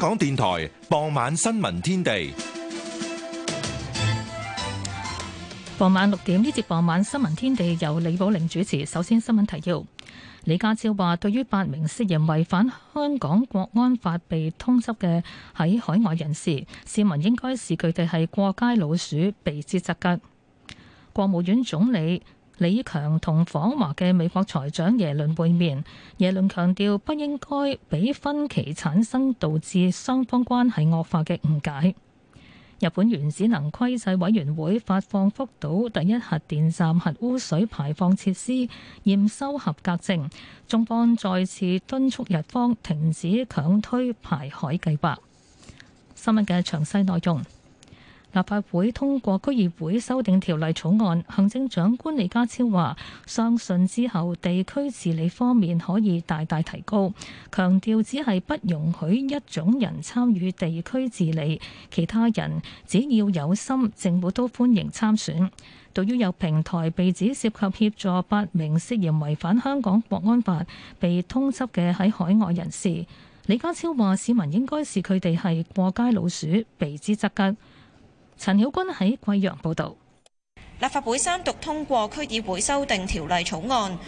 港電台傍晚新聞天地，傍晚六點呢節傍晚新聞天地由李寶玲主持。首先新聞提要：李家超話，對於八名涉嫌違反香港國安法被通緝嘅喺海外人士，市民應該視佢哋係過街老鼠，避之則吉。國務院總理。李強同訪華嘅美國財長耶倫會面，耶倫強調不應該俾分歧產生導致雙方關係惡化嘅誤解。日本原子能規制委員會發放福島第一核電站核污水排放設施驗收合格證，中方再次敦促日方停止強推排海計劃。新聞嘅詳細內容。立法會通過《區議會修訂條例草案》，行政長官李家超話：相信之後地區治理方面可以大大提高，強調只係不容許一種人參與地區治理，其他人只要有心，政府都歡迎參選。對於有平台被指涉及協助八名涉嫌違反香港國安法被通緝嘅喺海外人士，李家超話：市民應該視他們是佢哋係過街老鼠，避之則吉。陳曉君喺貴陽報道。立法會三讀通過區議會修訂條例草案，完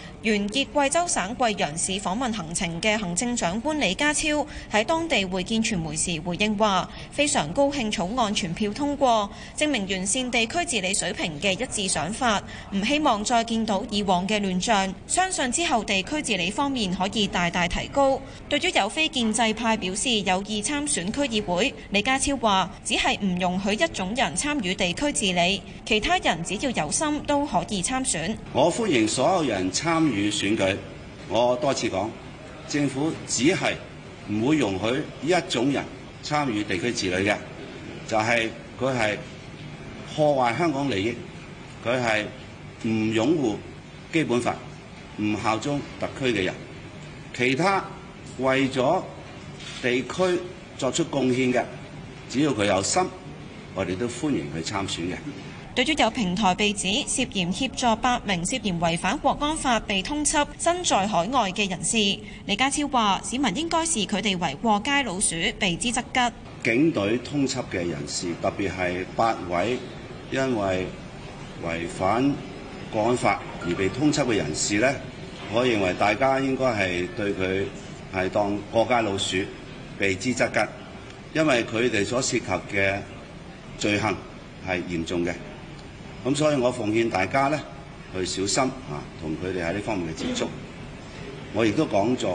結貴州省貴陽市訪問行程嘅行政長官李家超喺當地會見傳媒時回應話：非常高興草案全票通過，證明完善地區治理水平嘅一致想法，唔希望再見到以往嘅亂象，相信之後地區治理方面可以大大提高。對於有非建制派表示有意參選區議會，李家超話：只係唔容許一種人參與地區治理，其他人只要有心都可以參選，我歡迎所有人參與選舉。我多次講，政府只係唔會容許一種人參與地區治理嘅，就係佢係破壞香港利益、佢係唔擁護基本法、唔效忠特區嘅人。其他為咗地區作出貢獻嘅，只要佢有心，我哋都歡迎佢參選嘅。對於有平台被指涉嫌協助八名涉嫌違反國安法被通緝身在海外嘅人士，李家超話：市民應該視佢哋為過街老鼠，避之則吉。警隊通緝嘅人士，特別係八位因為違反國安法而被通緝嘅人士呢，我認為大家應該係對佢係當過街老鼠，避之則吉，因為佢哋所涉及嘅罪行係嚴重嘅。咁所以我奉勸大家咧，去小心啊，同佢哋喺呢方面嘅接觸。我亦都講咗，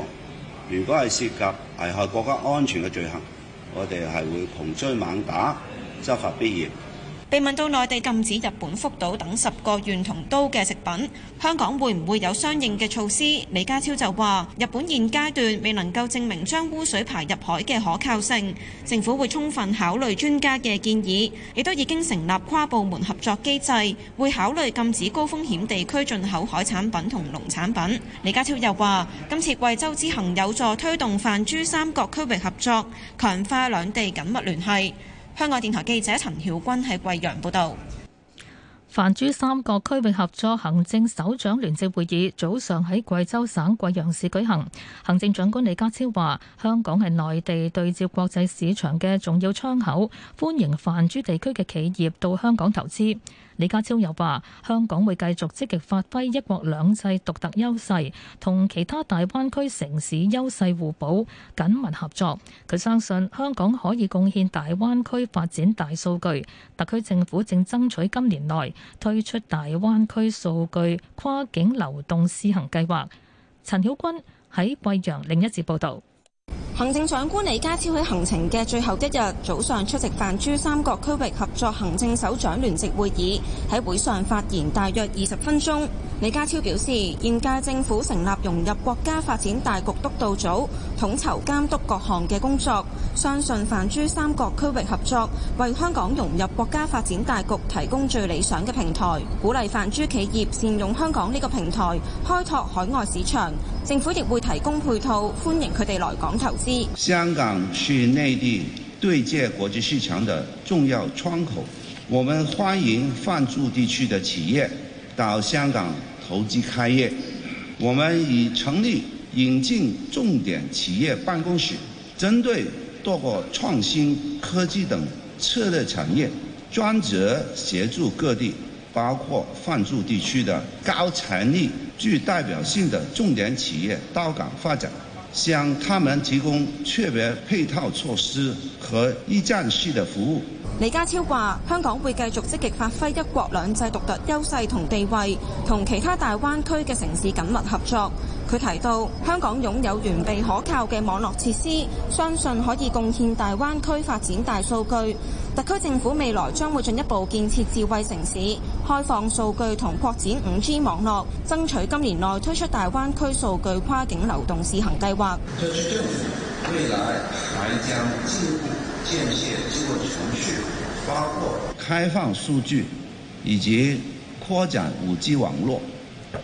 如果係涉及危害國家安全嘅罪行，我哋係會窮追猛打，執法必嚴。被問到內地禁止日本福島等十個縣同都嘅食品，香港會唔會有相應嘅措施？李家超就話：日本現階段未能夠證明將污水排入海嘅可靠性，政府會充分考慮專家嘅建議，亦都已經成立跨部門合作機制，會考慮禁止高風險地區進口海產品同農產品。李家超又話：今次貴州之行有助推動泛珠三角區域合作，強化兩地緊密聯繫。香港電台記者陳曉君喺貴陽報道，泛珠三角區域合作行政首長聯席會議早上喺貴州省貴陽市舉行。行政長官李家超話，香港係內地對接國際市場嘅重要窗口，歡迎泛珠地區嘅企業到香港投資。李家超又話：香港會繼續積極發揮一國兩制獨特優勢，同其他大灣區城市優勢互補，緊密合作。佢相信香港可以貢獻大灣區發展大數據。特區政府正爭取今年內推出大灣區數據跨境流動試行計劃。陳曉君喺貴陽另一節報道。行政長官李家超喺行程嘅最後一日早上出席泛珠三角區域合作行政首長聯席會議，喺會上發言大約二十分鐘。李家超表示，現屆政府成立融入國家發展大局督導組，統籌監督各項嘅工作。相信泛珠三角區域合作為香港融入國家發展大局提供最理想嘅平台，鼓勵泛珠企業善用香港呢個平台開拓海外市場。政府亦會提供配套，歡迎佢哋來港投資。香港是內地對接國際市場的重要窗口。我們歡迎泛珠地區的企業到香港投資開業。我們已成立引進重點企業辦公室，針對多個創新科技等策略產業，專責協助各地，包括泛珠地區的高潛力、具代表性的重點企業到港發展。向他們提供特別配套措施和一站式的服務。李家超話：香港會繼續積極發揮一國兩制獨特優勢同地位，同其他大灣區嘅城市緊密合作。佢提到香港擁有完備可靠嘅網絡設施，相信可以貢獻大灣區發展大數據。特區政府未來將會進一步建設智慧城市，開放數據同擴展五 G 網絡，爭取今年內推出大灣區數據跨境流動試行計劃。特區政府未來還將進一步建設智慧城市，包括開放數據以及擴展五 G 網絡。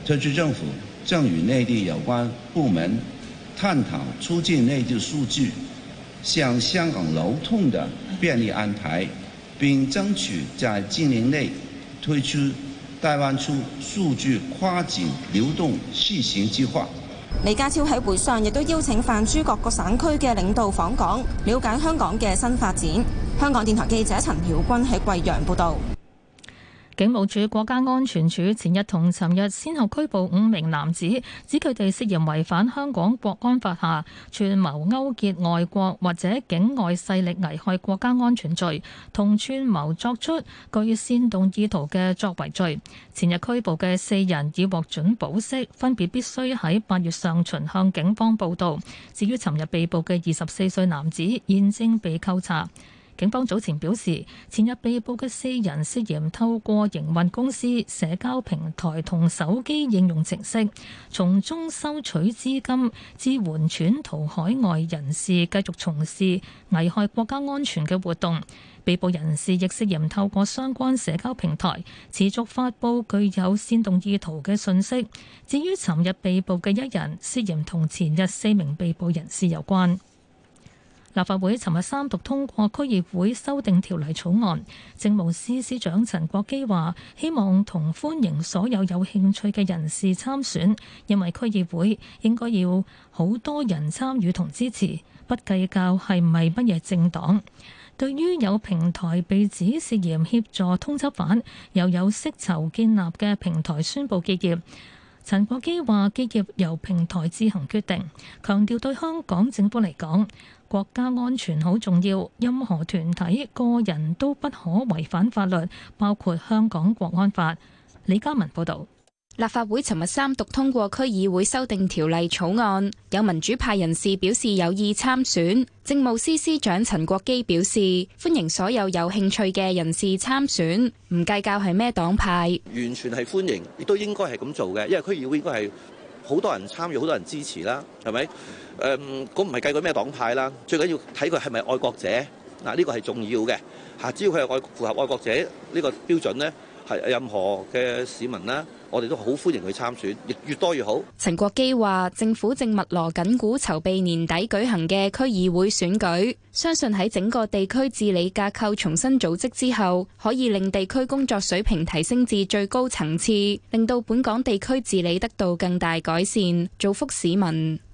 特區政府。正與內地有關部門探討促進內地數據向香港流通的便利安排，並爭取在今年內推出大灣區數據跨境流動試行計劃。李家超喺會上亦都邀請泛珠三角各省區嘅領導訪港，了解香港嘅新發展。香港電台記者陳曉君喺貴陽報導。警務處國家安全處前日同尋日先後拘捕五名男子，指佢哋涉嫌違反香港國安法下串謀勾結外國或者境外勢力危害國家安全罪，同串謀作出具煽動意圖嘅作為罪。前日拘捕嘅四人已獲准保釋，分別必須喺八月上旬向警方報到。至於尋日被捕嘅二十四歲男子，現正被扣查。警方早前表示，前日被捕嘅四人涉嫌透過營運公司社交平台同手機應用程式，從中收取資金，支援竄逃海外人士繼續從事危害國家安全嘅活動，被捕人士亦涉嫌透過相關社交平台持續發佈具有煽動意圖嘅信息。至於尋日被捕嘅一人，涉嫌同前日四名被捕人士有關。立法會尋日三讀通過區議會修訂條例草案，政務司司長陳國基話：希望同歡迎所有有興趣嘅人士參選，因為區議會應該要好多人參與同支持，不計較係咪乜嘢政黨。對於有平台被指涉嫌協助通緝犯，又有息籌建立嘅平台宣佈結業。陳國基話：基業由平台自行決定，強調對香港政府嚟講，國家安全好重要，任何團體個人都不可違反法律，包括香港國安法。李嘉文報導。立法會尋日三讀通過區議會修訂條例草案，有民主派人士表示有意參選。政務司司長陳國基表示歡迎所有有興趣嘅人士參選，唔計較係咩黨派，完全係歡迎，亦都應該係咁做嘅。因為區議會應該係好多人參與，好多人支持啦，係咪？誒、呃，咁唔係計佢咩黨派啦，最緊要睇佢係咪愛國者嗱，呢、這個係重要嘅。只要佢係愛符合愛國者呢、這個標準呢，係任何嘅市民啦。我哋都好歡迎佢參選，亦越多越好。陳國基話：政府正密鑼緊鼓籌備年底舉行嘅區議會選舉，相信喺整個地區治理架構重新組織之後，可以令地區工作水平提升至最高層次，令到本港地區治理得到更大改善，造福市民。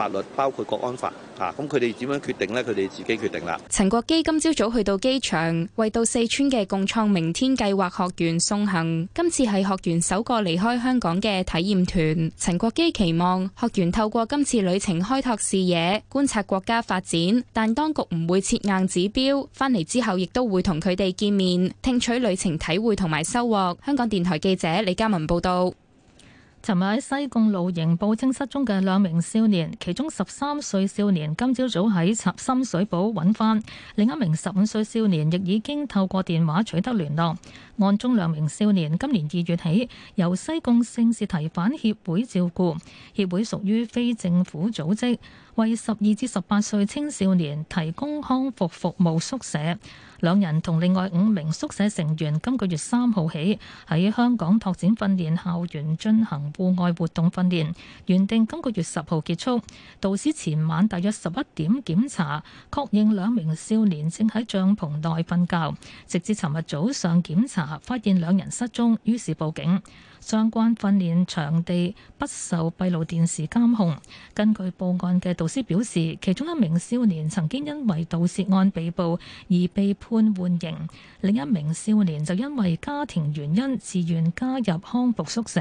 法律包括國安法，嚇咁佢哋點樣決定咧？佢哋自己決定啦。陳國基今朝早去到機場，為到四川嘅共創明天計劃學員送行。今次係學員首個離開香港嘅體驗團。陳國基期望學員透過今次旅程開拓視野、觀察國家發展，但當局唔會設硬指標。翻嚟之後，亦都會同佢哋見面，聽取旅程體會同埋收穫。香港電台記者李嘉文報道。尋日喺西貢露營報稱失蹤嘅兩名少年，其中十三歲少年今朝早喺插深水埗揾翻，另一名十五歲少年亦已經透過電話取得聯絡。案中兩名少年今年二月起由西貢聖士提反協會照顧，協會屬於非政府組織，為十二至十八歲青少年提供康復服務宿舍，兩人同另外五名宿舍成員今個月三號起喺香港拓展訓練校園進行戶外活動訓練，原定今個月十號結束。導師前晚大約十一點檢查，確認兩名少年正喺帳篷內瞓覺，直至尋日早上檢查發現兩人失蹤，於是報警。相關訓練場地不受閉路電視監控。根據報案嘅導師表示，其中一名少年曾經因為盜竊案被捕而被判緩刑，另一名少年就因為家庭原因，自願加入康復宿舍。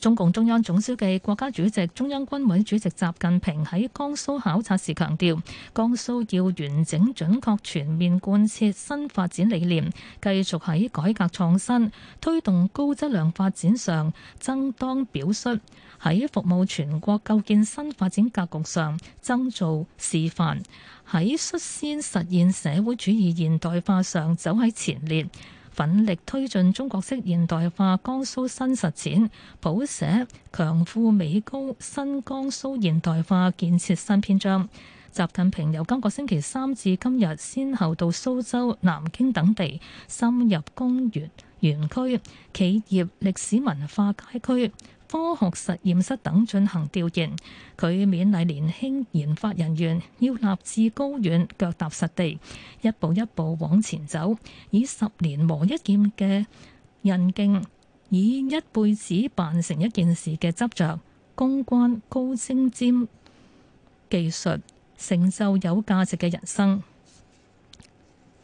中共中央總書記、國家主席、中央軍委主席習近平喺江蘇考察時強調，江蘇要完整準確全面貫徹新發展理念，繼續喺改革創新、推動高質量發展上爭當表率，喺服務全國構建新發展格局上爭做示範，喺率先實現社會主義現代化上走喺前列。奮力推進中國式現代化，江蘇新實踐，譜寫強富美高新江蘇現代化建設新篇章。習近平由今個星期三至今日，先後到蘇州、南京等地，深入公園、園區、企業、歷史文化街區、科學實驗室等進行調研，佢勉勵年輕研發人員要立志高遠、腳踏實地，一步一步往前走，以十年磨一劍嘅韌勁，以一輩子辦成一件事嘅執着，攻關高精尖技術，成就有價值嘅人生。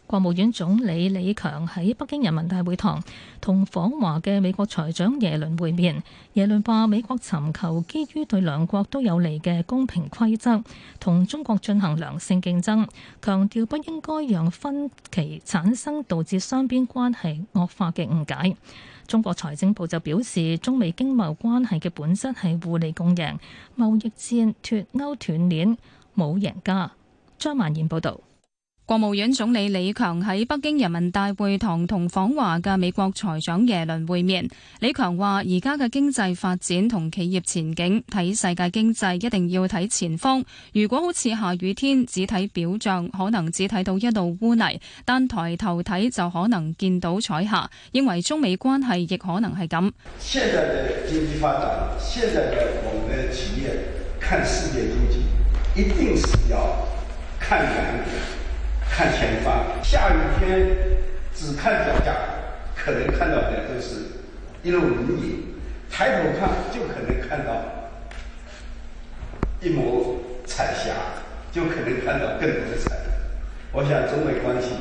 國務院總理李強喺北京人民大會堂同訪華嘅美國財長耶倫會面。耶倫話：美國尋求基於對兩國都有利嘅公平規則，同中國進行良性競爭，強調不應該讓分歧產生導致雙邊關係惡化嘅誤解。中國財政部就表示，中美經貿關係嘅本質係互利共贏，貿易戰、脫鉤斷鏈冇贏家。張曼燕報導。國務院總理李強喺北京人民大會堂同訪華嘅美國財長耶倫會面。李強話：而家嘅經濟發展同企業前景，睇世界經濟一定要睇前方。如果好似下雨天，只睇表象，可能只睇到一道污泥，但抬頭睇就可能見到彩霞。認為中美關係亦可能係咁。看前方，下雨天只看腳下，可能看到的就是一路泥濘；抬頭看，就可能看到一抹彩霞，就可能看到更多的彩。我想，中美關係。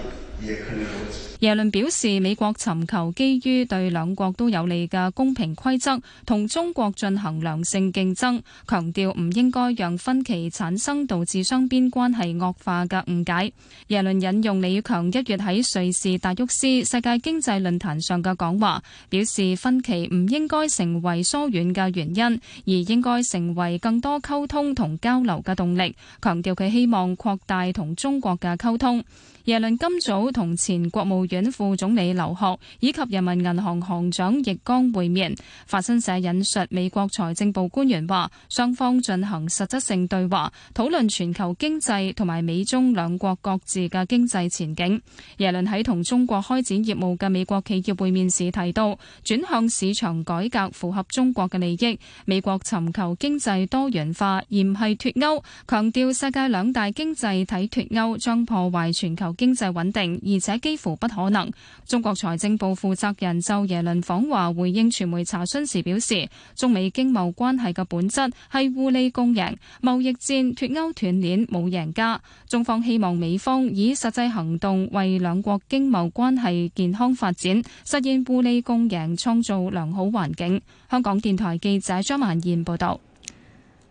耶倫表示，美國尋求基於對兩國都有利嘅公平規則，同中國進行良性競爭，強調唔應該讓分歧產生導致雙邊關係惡化嘅誤解。耶倫引用李強一月喺瑞士達沃斯世界經濟論壇上嘅講話，表示分歧唔應該成為疏遠嘅原因，而應該成為更多溝通同交流嘅動力。強調佢希望擴大同中國嘅溝通。耶倫今早同前國務院副總理劉鶴以及人民銀行行長易綱會面。法新社引述美國財政部官員話：雙方進行實質性對話，討論全球經濟同埋美中兩國各自嘅經濟前景。耶倫喺同中國開展業務嘅美國企業會面時提到，轉向市場改革符合中國嘅利益。美國尋求經濟多元化而唔係脫鉤，強調世界兩大經濟體脫鉤將破壞全球經濟穩定，而且幾乎不可能。中國財政部負責人就耶倫訪華回應傳媒查詢時表示，中美經貿關係嘅本質係互利共贏，貿易戰、脱歐斷鏈冇贏家，中方希望美方以實際行動為兩國經貿關係健康發展，實現互利共贏，創造良好環境。香港電台記者張曼燕報道。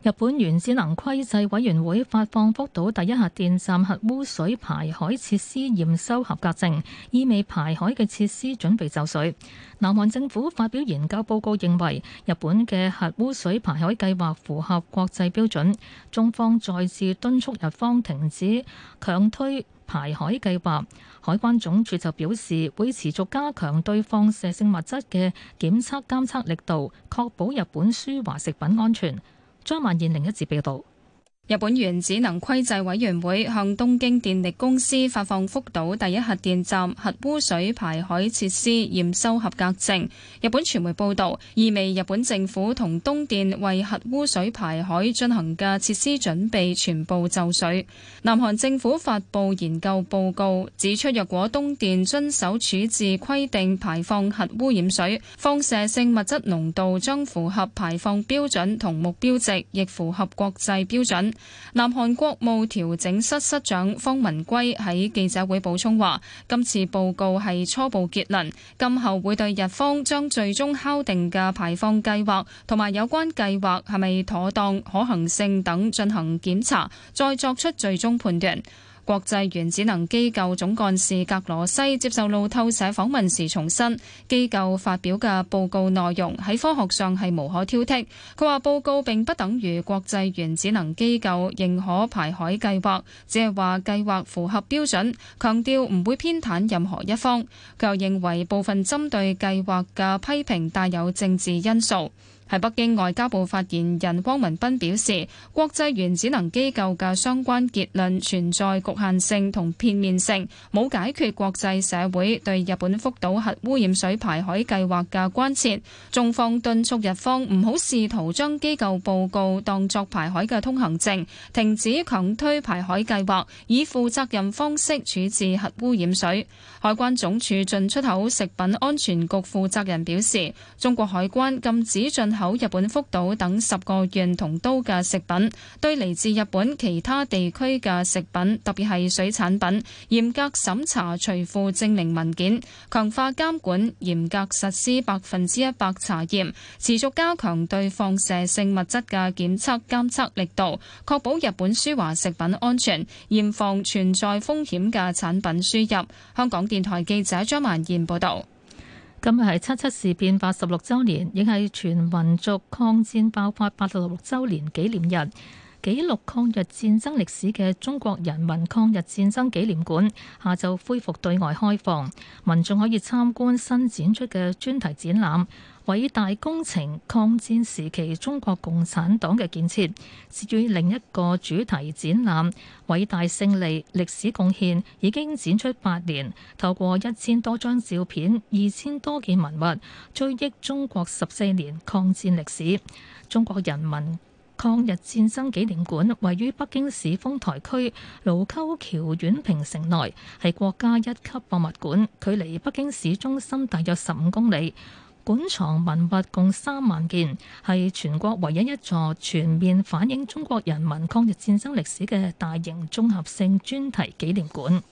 日本原子能規制委員會發放福島第一核電站核污水排海設施驗收合格證，意味排海嘅設施準備就緒。南韓政府發表研究報告，認為日本嘅核污水排海計劃符合國際標準。中方再次敦促日方停止強推排海計劃。海關總署就表示，會持續加強對放射性物質嘅檢測監測力度，確保日本輸華食品安全。張曼燕另一節報道。日本原子能規制委員會向東京電力公司發放福島第一核電站核污水排海設施驗收合格證。日本傳媒報道，意味日本政府同東電為核污水排海進行嘅設施準備全部就緒。南韓政府發布研究報告，指出若果東電遵守處置規定排放核污染水，放射性物質濃度將符合排放標準同目標值，亦符合國際標準。南韓國務調整室室長方文圭喺記者會補充話：今次報告係初步結論，今後會對日方將最終敲定嘅排放計劃同埋有關計劃係咪妥當、可行性等進行檢查，再作出最終判斷。國際原子能機構總幹事格羅西接受路透社訪問時重申，機構發表嘅報告內容喺科學上係無可挑剔。佢話報告並不等於國際原子能機構認可排海計劃，只係話計劃符合標準，強調唔會偏袒任何一方。佢又認為部分針對計劃嘅批評帶有政治因素。喺北京外交部發言人汪文斌表示，國際原子能機構嘅相關結論存在局限性同片面性，冇解決國際社會對日本福島核污染水排海計劃嘅關切，中方敦促日方唔好試圖將機構報告當作排海嘅通行證，停止強推排海計劃，以負責任方式處置核污染水。海關總署進出口食品安全局負責人表示，中國海關禁止進口日本福島等十個縣同都嘅食品，對嚟自日本其他地區嘅食品，特別係水產品，嚴格審查隨附證明文件，強化監管，嚴格實施百分之一百查驗，持續加強對放射性物質嘅檢測監測力度，確保日本輸華食品安全，嚴防存在風險嘅產品輸入。香港電台記者張曼燕報道。今日係七七事變八十六週年，亦係全民族抗戰爆發八十六週年紀念日。紀錄抗日戰爭歷史嘅中國人民抗日戰爭紀念館下晝恢復對外開放，民眾可以參觀新展出嘅專題展覽《偉大工程、抗戰時期中國共產黨嘅建設》，至於另一個主題展覽《偉大勝利、歷史貢獻》已經展出八年，透過一千多張照片、二千多件文物追憶中國十四年抗戰歷史。中國人民抗日戰爭紀念館位於北京市豐台區盧溝橋宛平城內，係國家一級博物館，距離北京市中心大約十五公里。館藏文物共三萬件，係全國唯一一座全面反映中國人民抗日戰爭歷史嘅大型綜合性專題紀念館。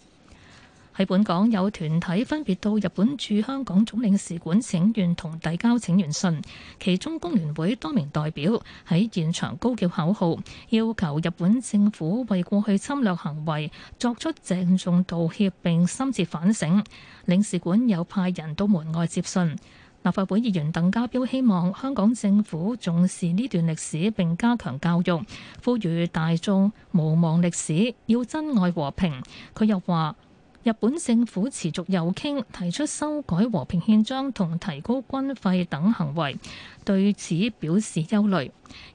喺本港有團體分別到日本駐香港總領事館請願同遞交請願信，其中工聯會多名代表喺現場高叫口號，要求日本政府為過去侵略行為作出鄭重道歉並深切反省。領事館有派人到門外接信。立法會議員鄧家彪希望香港政府重視呢段歷史並加強教育，呼籲大眾無忘歷史，要珍愛和平。佢又話，日本政府持續右傾，提出修改和平憲章同提高軍費等行為，對此表示憂慮。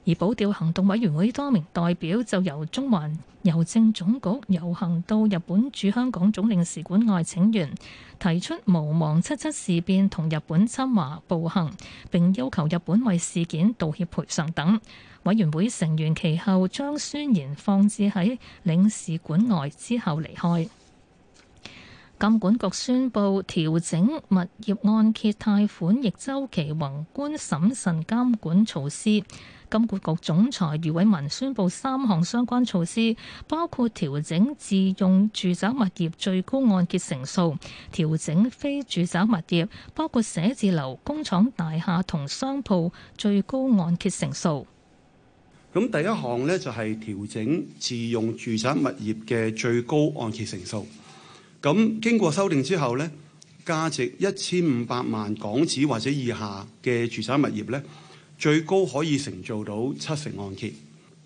而保釣行動委員會多名代表就由中環郵政總局遊行到日本駐香港總領事館外請願，提出毋忘七七事變同日本侵華暴行，並要求日本為事件道歉賠償等。委員會成員其後將宣言放置喺領事館外之後離開。金管局宣布調整物業按揭貸款逆周期宏觀審慎監管措施。金管局總裁余偉文宣布三項相關措施，包括調整自用住宅物業最高按揭成數，調整非住宅物業，包括寫字樓工廠大廈同商鋪最高按揭成數。咁第一項呢，就係調整自用住宅物業嘅最高按揭成數。咁經過修訂之後呢，價值一千五百萬港紙或者以下嘅住宅物業呢，最高可以承造到七成按揭；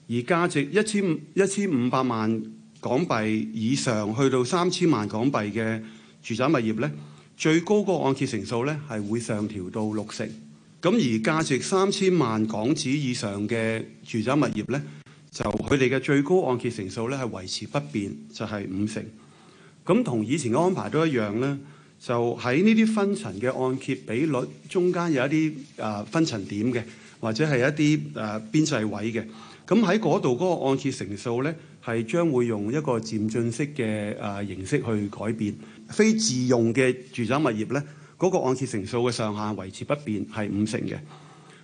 而價值一千一千五百萬港幣以上，去到三千萬港幣嘅住宅物業呢，最高個按揭成數呢係會上調到六成。咁而價值三千萬港紙以上嘅住宅物業呢，就佢哋嘅最高按揭成數呢係維持不變，就係、是、五成。咁同以前嘅安排都一樣咧，就喺呢啲分層嘅按揭比率中間有一啲啊分層點嘅，或者係一啲啊邊際位嘅。咁喺嗰度嗰個按揭成數咧，係將會用一個漸進式嘅啊形式去改變。非自用嘅住宅物業咧，嗰、那個按揭成數嘅上限維持不變，係五成嘅。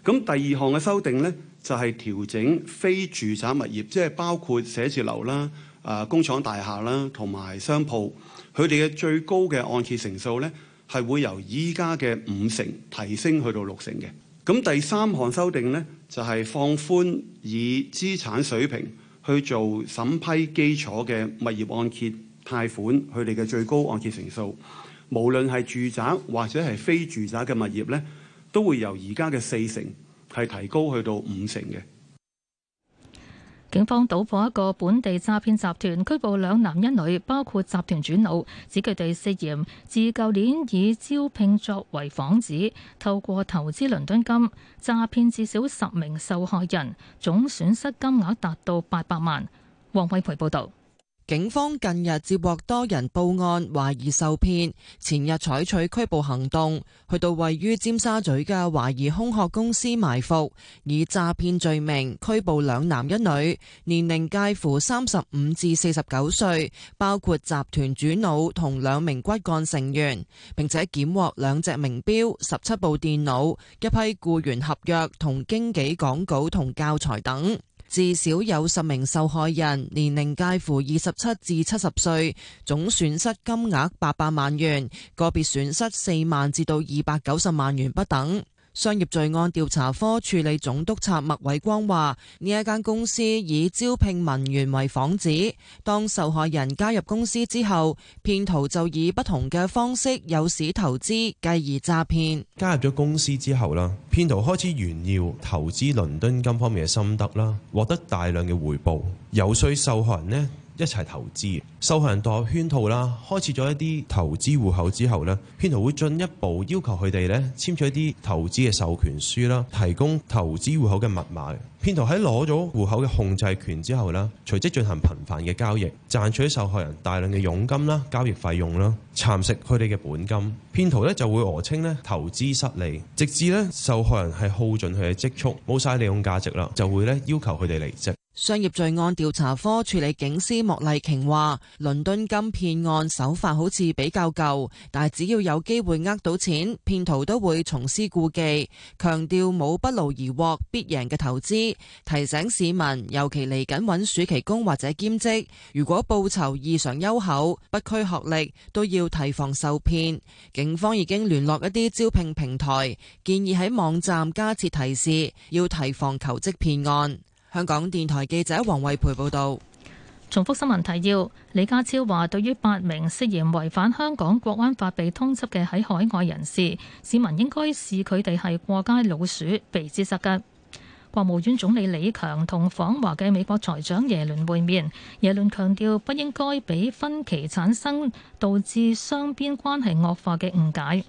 咁第二項嘅修訂咧，就係、是、調整非住宅物業，即係包括寫字樓啦。啊！工廠大廈啦，同埋商鋪，佢哋嘅最高嘅按揭成數咧，係會由依家嘅五成提升去到六成嘅。咁第三項修訂咧，就係放寬以資產水平去做審批基礎嘅物業按揭貸款，佢哋嘅最高按揭成數，無論係住宅或者係非住宅嘅物業咧，都會由而家嘅四成係提高去到五成嘅。警方搗破一個本地詐騙集團拘捕兩男一女，包括集團主腦指佢哋涉嫌自舊年以招聘作為幌子，透過投資倫敦金詐騙至少十名受害人，總損失金額達到八百萬，黃偉培報道。警方近日接獲多人報案懷疑受騙，前日採取拘捕行動，去到位於尖沙咀嘅懷疑空殼公司埋伏，以詐騙罪名拘捕兩男一女，年齡介乎三十五至四十九歲，包括集團主腦同兩名骨幹成員，並且檢獲兩隻名錶、十七部電腦、一批僱員合約同經紀講稿同教材等。至少有十名受害人，年齡介乎二十七至七十歲，總損失金額八百萬元，個別損失四萬至到二百九十萬元不等。商業罪案調查科處理總督察麥偉光話：呢一間公司以招聘文員為幌子，當受害人加入公司之後，騙徒就以不同嘅方式誘使投資，繼而詐騙。加入咗公司之後啦，騙徒開始炫耀投資倫敦金方面嘅心得啦，獲得大量嘅回報，有需受害人呢？一齊投資，受害人墮入圈套啦，開設咗一啲投資戶口之後呢，騙徒會進一步要求佢哋呢，簽署一啲投資嘅授權書啦，提供投資戶口嘅密碼嘅。騙徒喺攞咗戶口嘅控制權之後呢，隨即進行頻繁嘅交易，賺取受害人大量嘅佣金啦、交易費用啦，蠶食佢哋嘅本金。騙徒呢就會訛稱咧投資失利，直至呢受害人係耗盡佢嘅積蓄，冇晒利用價值啦，就會咧要求佢哋離職。商業罪案調查科處理警司莫麗瓊話，倫敦金騙案手法好似比較舊，但係只要有機會呃到錢，騙徒都會重施故技。強調冇不勞而獲必贏嘅投資，提醒市民尤其嚟緊揾暑期工或者兼職，如果報酬異常優厚，不拘學歷，都要提防受騙。警方已經聯絡一啲招聘平台，建議喺網站加設提示，要提防求職騙案。香港電台記者王慧培報道，重複新聞提要。李家超話，對於八名涉嫌違反香港國安法被通緝嘅喺海外人士，市民應該視佢哋係過街老鼠被的，被指殺嘅國務院總理李強同訪華嘅美國財長耶倫會面，耶倫強調不應該俾分歧產生導致雙邊關係惡化嘅誤解。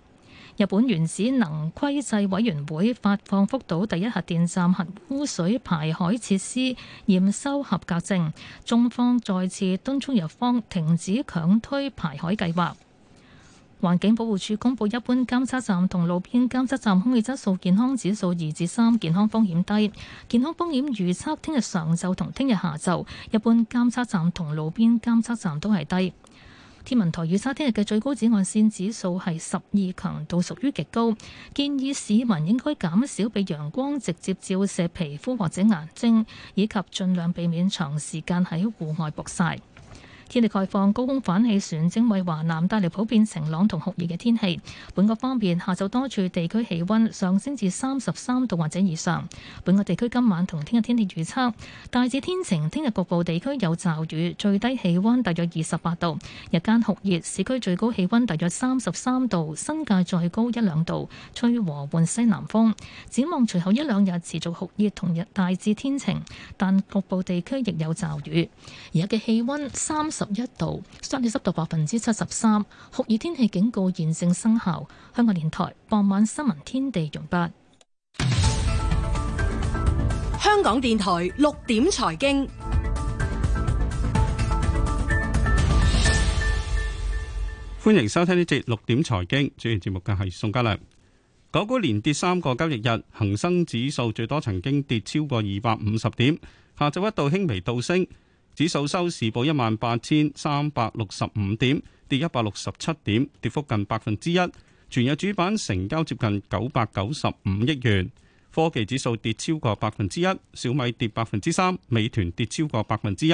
日本原子能規制委員會發放福島第一核電站核污水排海設施驗收合格證，中方再次敦促日方停止強推排海計劃。環境保護署公布，一般監測站同路邊監測站空氣質素健康指數二至三，健康風險低。健康風險預測，聽日上晝同聽日下晝，一般監測站同路邊監測站都係低。天文台預測聽日嘅最高紫外線指數係十二強度，屬於極高，建議市民應該減少被陽光直接照射皮膚或者眼睛，以及盡量避免長時間喺戶外曝曬。天氣概況，高空反氣旋正為華南帶嚟普遍晴朗同酷熱嘅天氣。本港方面，下晝多處地區氣温上升至三十三度或者以上。本港地區今晚同聽日天氣預測，大致天晴，聽日局部地區有驟雨，最低氣温大約二十八度，日間酷熱，市區最高氣温大約三十三度，新界再高一兩度，吹和緩西南風。展望隨後一兩日持續酷熱同日大致天晴，但局部地區亦有驟雨。而家嘅氣溫三十一度，相對濕度百分之七十三，酷熱天氣警告現正生效。香港電台傍晚新聞天地，楊伯。香港電台六點財經，歡迎收聽呢節六點財經。主持節目嘅係宋嘉良。港股連跌三個交易日，恒生指數最多曾經跌超過二百五十點，下晝一度輕微倒升。指數收市報一萬八千三百六十五點，跌一百六十七點，跌幅近百分之一。全日主板成交接近九百九十五億元。科技指數跌超過百分之一，小米跌百分之三，美團跌超過百分之一，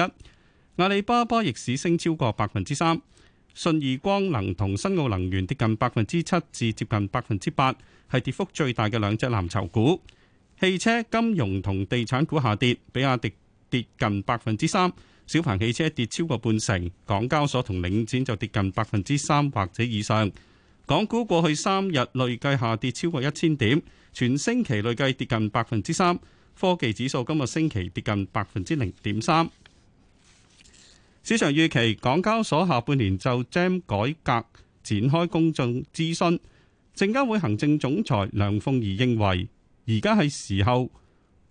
阿里巴巴逆市升超過百分之三。信義光能同新奧能源跌近百分之七至接近百分之八，係跌幅最大嘅兩隻藍籌股。汽車、金融同地產股下跌，比亞迪跌近百分之三。小鵬汽車跌超過半成，港交所同領展就跌近百分之三或者以上。港股過去三日累計下跌超過一千點，全星期累計跌近百分之三。科技指數今日星期跌近百分之零點三。市場預期港交所下半年就將改革展開公衆諮詢。證監會行政總裁梁鳳儀認為，而家係時候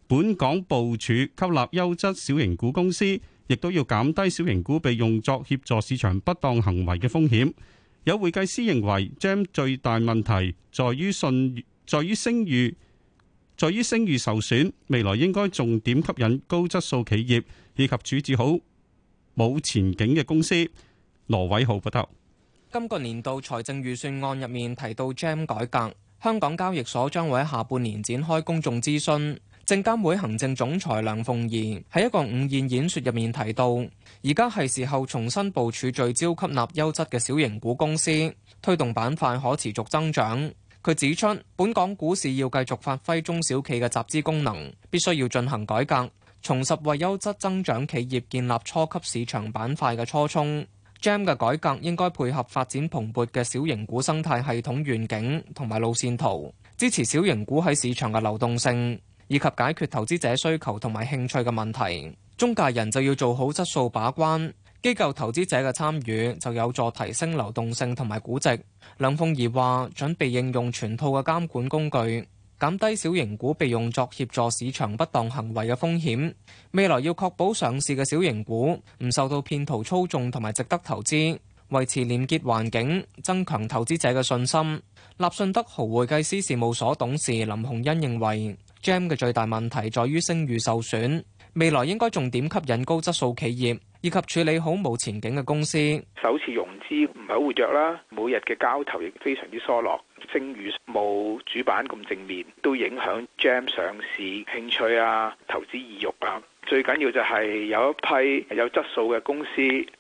本港部署吸納優質小型股公司。亦都要減低小型股被用作協助市場不當行為嘅風險。有會計師認為，GEM 最大問題在於信，在於聲譽，在於聲譽受損。未來應該重點吸引高質素企業以及處置好冇前景嘅公司。羅偉浩報道。今個年度財政預算案入面提到 GEM 改革，香港交易所將會喺下半年展開公眾諮詢。證監會行政總裁梁鳳儀喺一個午宴演說入面提到，而家係時候重新部署，聚焦吸納優質嘅小型股公司，推動板塊可持續增長。佢指出，本港股市要繼續發揮中小企嘅集資功能，必須要進行改革，重拾為優質增長企業建立初級市場板塊嘅初衷。GEM 嘅改革應該配合發展蓬勃嘅小型股生態系統願景同埋路線圖，支持小型股喺市場嘅流動性。以及解決投資者需求同埋興趣嘅問題，中介人就要做好質素把關。機構投資者嘅參與就有助提升流動性同埋估值。梁鳳儀話：準備應用全套嘅監管工具，減低小型股被用作協助市場不當行為嘅風險。未來要確保上市嘅小型股唔受到騙徒操縱同埋值得投資，維持廉潔環境，增強投資者嘅信心。立信德豪會計師事務所董事林洪恩認為。Gem 嘅最大問題在於聲譽受損，未來應該重點吸引高質素企業，以及處理好冇前景嘅公司。首次融資唔係好活躍啦，每日嘅交投亦非常之疏落，聲譽冇主板咁正面，都影響 Gem 上市興趣啊、投資意欲啊。最緊要就係有一批有質素嘅公司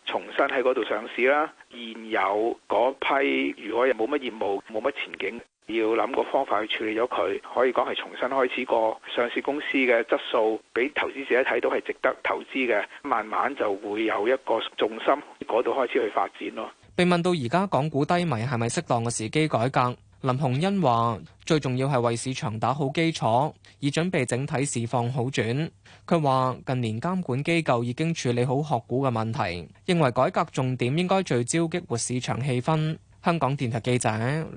重新喺嗰度上市啦，現有嗰批如果又冇乜業務、冇乜前景。要諗個方法去處理咗佢，可以講，係重新開始過上市公司嘅質素，俾投資者睇到係值得投資嘅，慢慢就會有一個重心嗰度開始去發展咯。被問到而家港股低迷係咪適當嘅時機改革，林洪恩話最重要係為市場打好基礎，以準備整體市況好轉，佢話近年監管機構已經處理好殼股嘅問題，認為改革重點應該聚焦激活市場氣氛。香港電台記者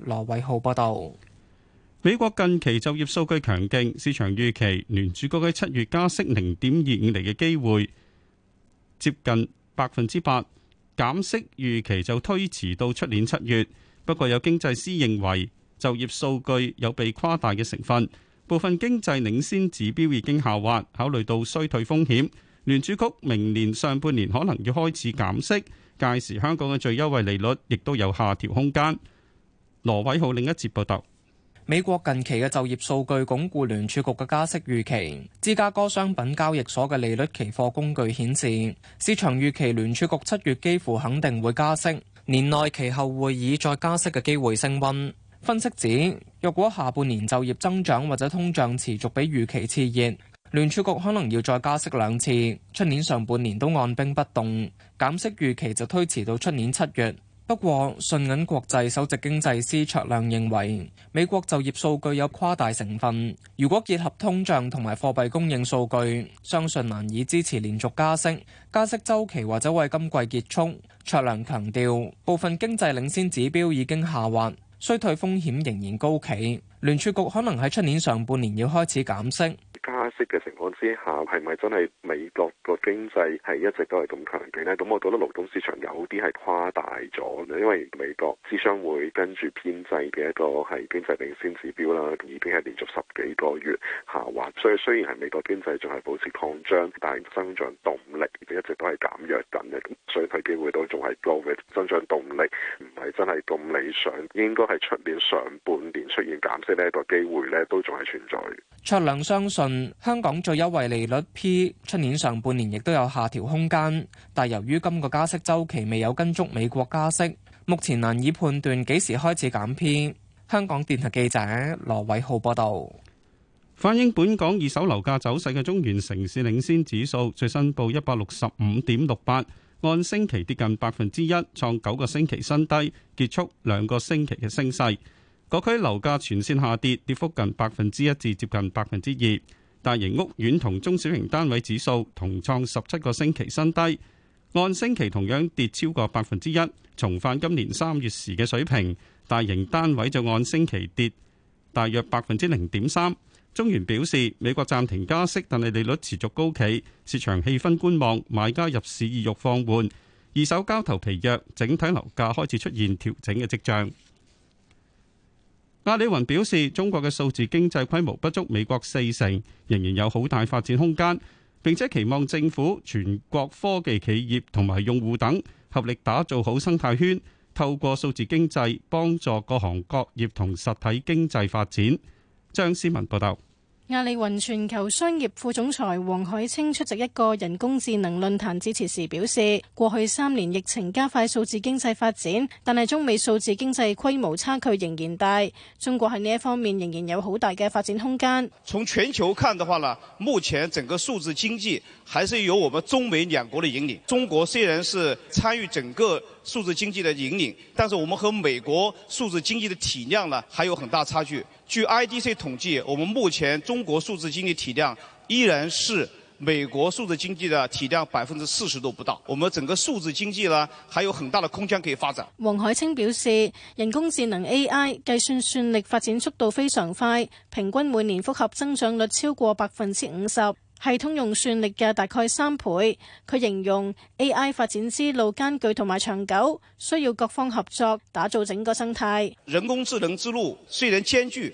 羅偉浩報道：美國近期就業數據強勁，市場預期聯儲局喺七月加息零點二五厘嘅機會接近百分之八，減息預期就推遲到出年七月。不過有經濟師認為，就業數據有被誇大嘅成分，部分經濟領先指標已經下滑，考慮到衰退風險，聯儲局明年上半年可能要開始減息。屆時香港嘅最優惠利率亦都有下調空間。羅偉浩另一節報道，美國近期嘅就業數據鞏固聯儲局嘅加息預期。芝加哥商品交易所嘅利率期貨工具顯示，市場預期聯儲局七月幾乎肯定會加息，年內其後會議再加息嘅機會升溫。分析指，若果下半年就業增長或者通脹持續比預期熾熱。聯儲局可能要再加息兩次，出年上半年都按兵不動，減息預期就推遲到出年七月。不過，信銀國際首席經濟師卓亮認為，美國就業數據有誇大成分，如果結合通脹同埋貨幣供應數據，相信難以支持連續加息，加息週期或者為今季結束。卓亮強調，部分經濟領先指標已經下滑，衰退風險仍然高企，聯儲局可能喺出年上半年要開始減息。息嘅情況之下，係咪真係美國個經濟係一直都係咁強勁呢？咁我覺得勞動市場有啲係誇大咗，因為美國諮商會跟住編製嘅一個係經濟領先指標啦，已經係連續十幾個月下滑。所以雖然係美國經濟仲係保持擴張，但係增長動力一直都係減弱緊嘅，所以佢機會都仲係多嘅增長動力唔係真係咁理想，應該係出年上半年出現減息呢一個機會呢都仲係存在。卓亮相信香港最優惠利率 P 出年上半年亦都有下調空間，但由於今個加息周期未有跟足美國加息，目前難以判斷幾時開始減 P。香港電台記者羅偉浩報道。反映本港二手樓價走勢嘅中原城市領先指數最新報一百六十五點六八，按星期跌近百分之一，創九個星期新低，結束兩個星期嘅升勢。各區樓價全線下跌，跌幅近百分之一至接近百分之二。大型屋苑同中小型單位指數同創十七個星期新低，按星期同樣跌超過百分之一，重返今年三月時嘅水平。大型單位就按星期跌大約百分之零點三。中原表示，美國暫停加息，但係利率持續高企，市場氣氛觀望，買家入市意欲放緩，二手交投疲弱，整體樓價開始出現調整嘅跡象。阿里雲表示，中國嘅數字經濟規模不足美國四成，仍然有好大發展空間，並且期望政府、全國科技企業同埋用戶等合力打造好生態圈，透過數字經濟幫助各行各業同實體經濟發展。張思文報道。阿里雲全球商業副總裁黃海清出席一個人工智能論壇致辭時表示，過去三年疫情加快數字經濟發展，但係中美數字經濟規模差距仍然大。中國喺呢一方面仍然有好大嘅發展空間。從全球看的話呢，目前整個數字經濟還是由我們中美兩國嚟引領。中國雖然是參與整個數字經濟的引領，但是我們和美國數字經濟的體量呢，還有很大差距。據 IDC 統計，我們目前中國數字經濟體量依然是美國數字經濟的體量百分之四十都不到。我們整個數字經濟呢，還有很大的空間可以發展。王海清表示，人工智能 AI 計算算力發展速度非常快，平均每年複合增長率超過百分之五十。係通用算力嘅大概三倍。佢形容 AI 發展之路艱巨同埋長久，需要各方合作打造整個生態。人工智能之路雖然艱巨。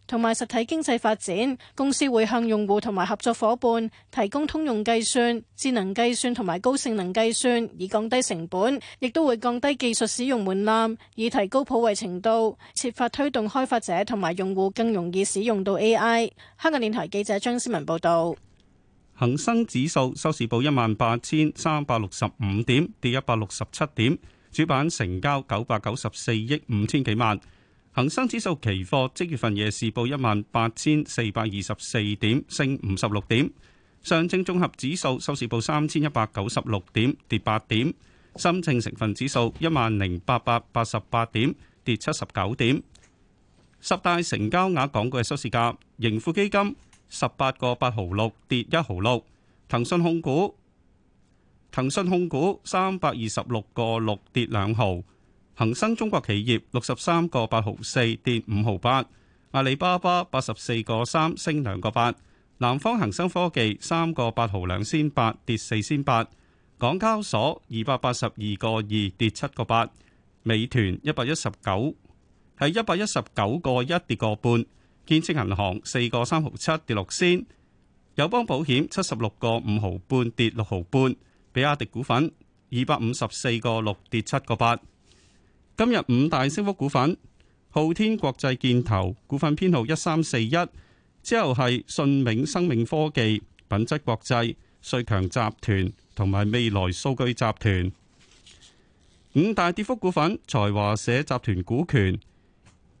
同埋實體經濟發展，公司會向用戶同埋合作伙伴提供通用計算、智能計算同埋高性能計算，以降低成本，亦都會降低技術使用門檻，以提高普惠程度，設法推動開發者同埋用戶更容易使用到 AI。香港電台記者張思文報道。恒生指數收市報一萬八千三百六十五點，跌一百六十七點。主板成交九百九十四億五千幾萬。恒生指數期貨即月份夜市報一萬八千四百二十四點，升五十六點。上證綜合指數收市報三千一百九十六點，跌八點。深證成分指數一萬零八百八十八點，跌七十九點。十大成交額港股嘅收市價，盈富基金十八個八毫六，跌一毫六。騰訊控股，騰訊控股三百二十六個六，跌兩毫。恒生中國企業六十三個八毫四，跌五毫八，58, 阿里巴巴八十四個三升兩個八，南方恒生科技三個八毫兩仙八跌四仙八，港交所二百八十二個二跌七個八，美團一百一十九係一百一十九個一跌個半，建設銀行四個三毫七跌六仙，友邦保險七十六個五毫半跌六毫半，比亞迪股份二百五十四個六跌七個八。今日五大升幅股份：昊天國際建投股份編號一三四一，之後係信銘生命科技、品質國際、瑞強集團同埋未來數據集團。五大跌幅股份：財華社集團股權、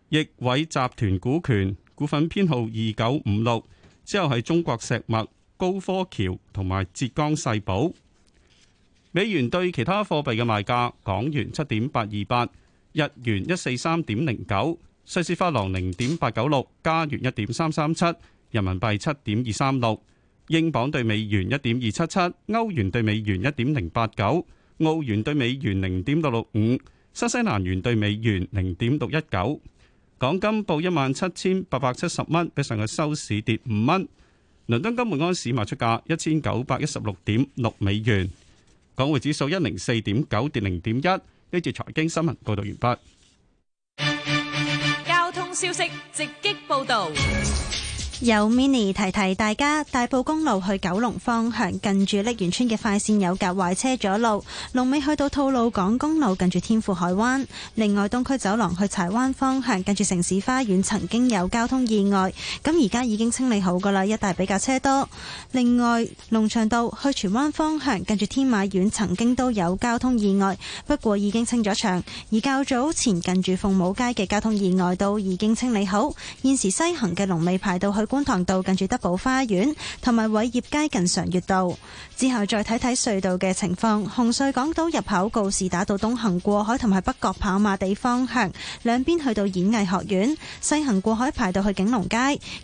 易偉集團股權股份編號二九五六，之後係中國石墨、高科橋同埋浙江世寶。美元兌其他貨幣嘅賣價：港元七點八二八。日元一四三點零九，瑞士法郎零點八九六，加元一點三三七，人民幣七點二三六，英鎊對美元一點二七七，歐元對美元一點零八九，澳元對美元零點六六五，新西蘭元對美元零點六一九。港金報一萬七千八百七十蚊，比上日收市跌五蚊。倫敦金每盎司賣出價一千九百一十六點六美元。港匯指數一零四點九跌零點一。呢段財經新聞報道完畢。交通消息直擊報道。有 mini 提提大家，大埔公路去九龍方向近住瀝源邨嘅快線有架壞車阻路，龍尾去到吐露港公路近住天賦海灣。另外，東區走廊去柴灣方向近住城市花園曾經有交通意外，咁而家已經清理好噶啦，一帶比較車多。另外，龍翔道去荃灣方向近住天馬苑曾經都有交通意外，不過已經清咗場。而較早前近住鳳舞街嘅交通意外都已經清理好，現時西行嘅龍尾排到去。觀塘道近住德寶花園，同埋偉業街近常月道。之後再睇睇隧道嘅情況，紅隧港島入口告士打道東行過海，同埋北角跑馬地方向，兩邊去到演藝學院；西行過海排到去景隆街，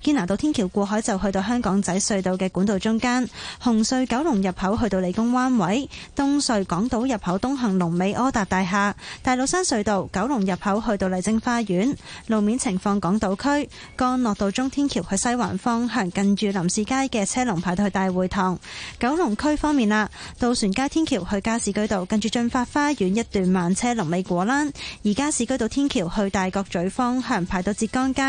堅拿道天橋過海就去到香港仔隧道嘅管道中間。紅隧九龍入口去到理工灣位，東隧港島入口東行龍尾柯達大廈，大老山隧道九龍入口去到麗晶花園。路面情況，港島區干諾道中天橋去西。環方向近住林士街嘅車龍排到去大會堂。九龍區方面啦，渡船街天橋去加士居道近住駿發花園一段慢車龍尾果欄。而加士居道天橋去大角咀方向排到浙江街。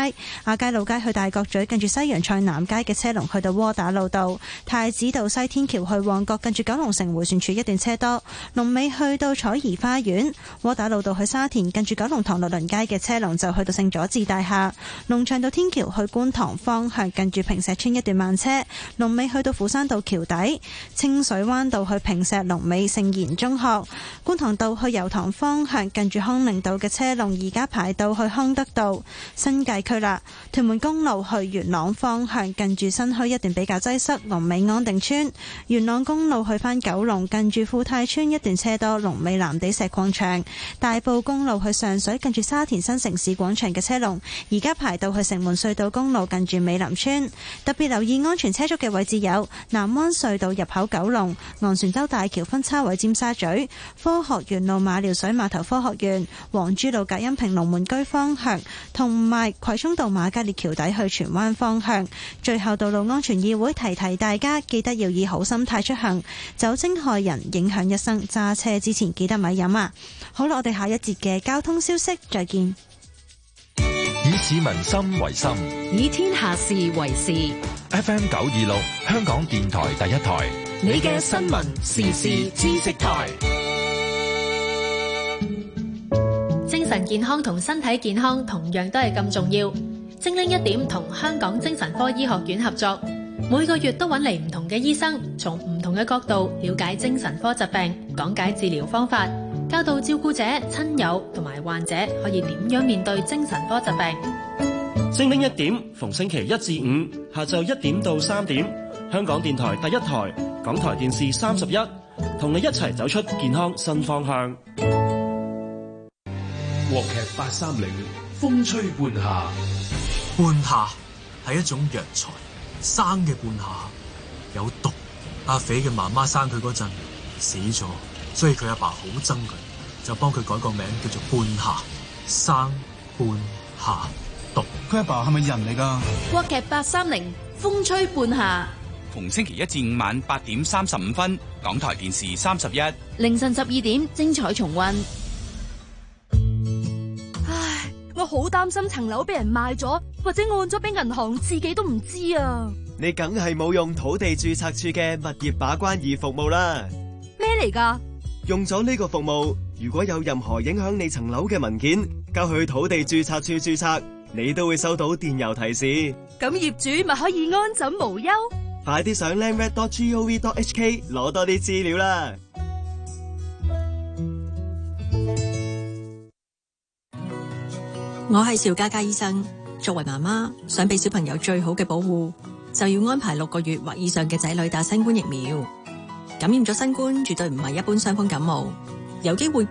亞皆老街去大角咀近住西洋菜南街嘅車龍去到窩打老道。太子道西天橋去旺角近住九龍城回旋處一段車多，龍尾去到彩怡花園。窩打老道去沙田近住九龍塘六倫街嘅車龍就去到聖佐治大廈。農場道天橋去觀塘方。向近住坪石邨一段慢車，龍尾去到斧山道橋底，清水灣道去坪石龍尾聖言中學，觀塘道去油塘方向近住康寧道嘅車龍，而家排到去康德道。新界區啦。屯門公路去元朗方向近住新墟一段比較擠塞，龍尾安定邨。元朗公路去返九龍近住富泰邨一段車多，龍尾藍地石礦場。大埔公路去上水近住沙田新城市廣場嘅車龍，而家排到去城門隧道公路近住美南村特別留意安全車速嘅位置有南灣隧道入口九龍、九龍昂船洲大橋分叉位、尖沙咀科學園路馬料水碼頭、科學園黃珠路隔音屏龍門居方向，同埋葵涌道瑪嘉烈橋底去荃灣方向。最後，道路安全議會提提大家，記得要以好心態出行。酒精害人，影響一生。揸車之前記得咪飲啊！好啦，我哋下一節嘅交通消息，再見。以市民心為心，以天下事為事。FM 九二六，香港電台第一台。你嘅新聞時事知識台。精神健康同身體健康同樣都係咁重要。精靈一點，同香港精神科醫學院合作，每個月都揾嚟唔同嘅醫生，從唔同嘅角度了解精神科疾病，講解治療方法。教導照顧者、親友同埋患者可以點樣面對精神科疾病。精靈一點，逢星期一至五下晝一點到三點，香港電台第一台、港台電視三十一，同你一齊走出健康新方向。國劇八三零，風吹半夏。半夏係一種藥材，生嘅半夏有毒。阿肥嘅媽媽生佢嗰陣死咗。所以佢阿爸好憎佢，就幫佢改個名叫做半夏，生半夏毒。佢阿爸係咪人嚟噶？國劇八三零，風吹半夏。逢星期一至五晚八點三十五分，港台電視三十一。凌晨十二點精彩重温。唉，我好擔心層樓俾人賣咗，或者按咗俾銀行，自己都唔知啊。你梗係冇用土地注冊處嘅物業把關易服務啦。咩嚟噶？用咗呢個服務，如果有任何影響你層樓嘅文件交去土地註冊處註冊，你都會收到電郵提示。咁業主咪可以安枕無憂。快啲上 landreg.gov.hk 攞多啲資料啦！我係邵嘉嘉醫生，作為媽媽，想俾小朋友最好嘅保護，就要安排六個月或以上嘅仔女打新冠疫苗。感染咗新冠，絕對唔係一般傷風感冒，有機會。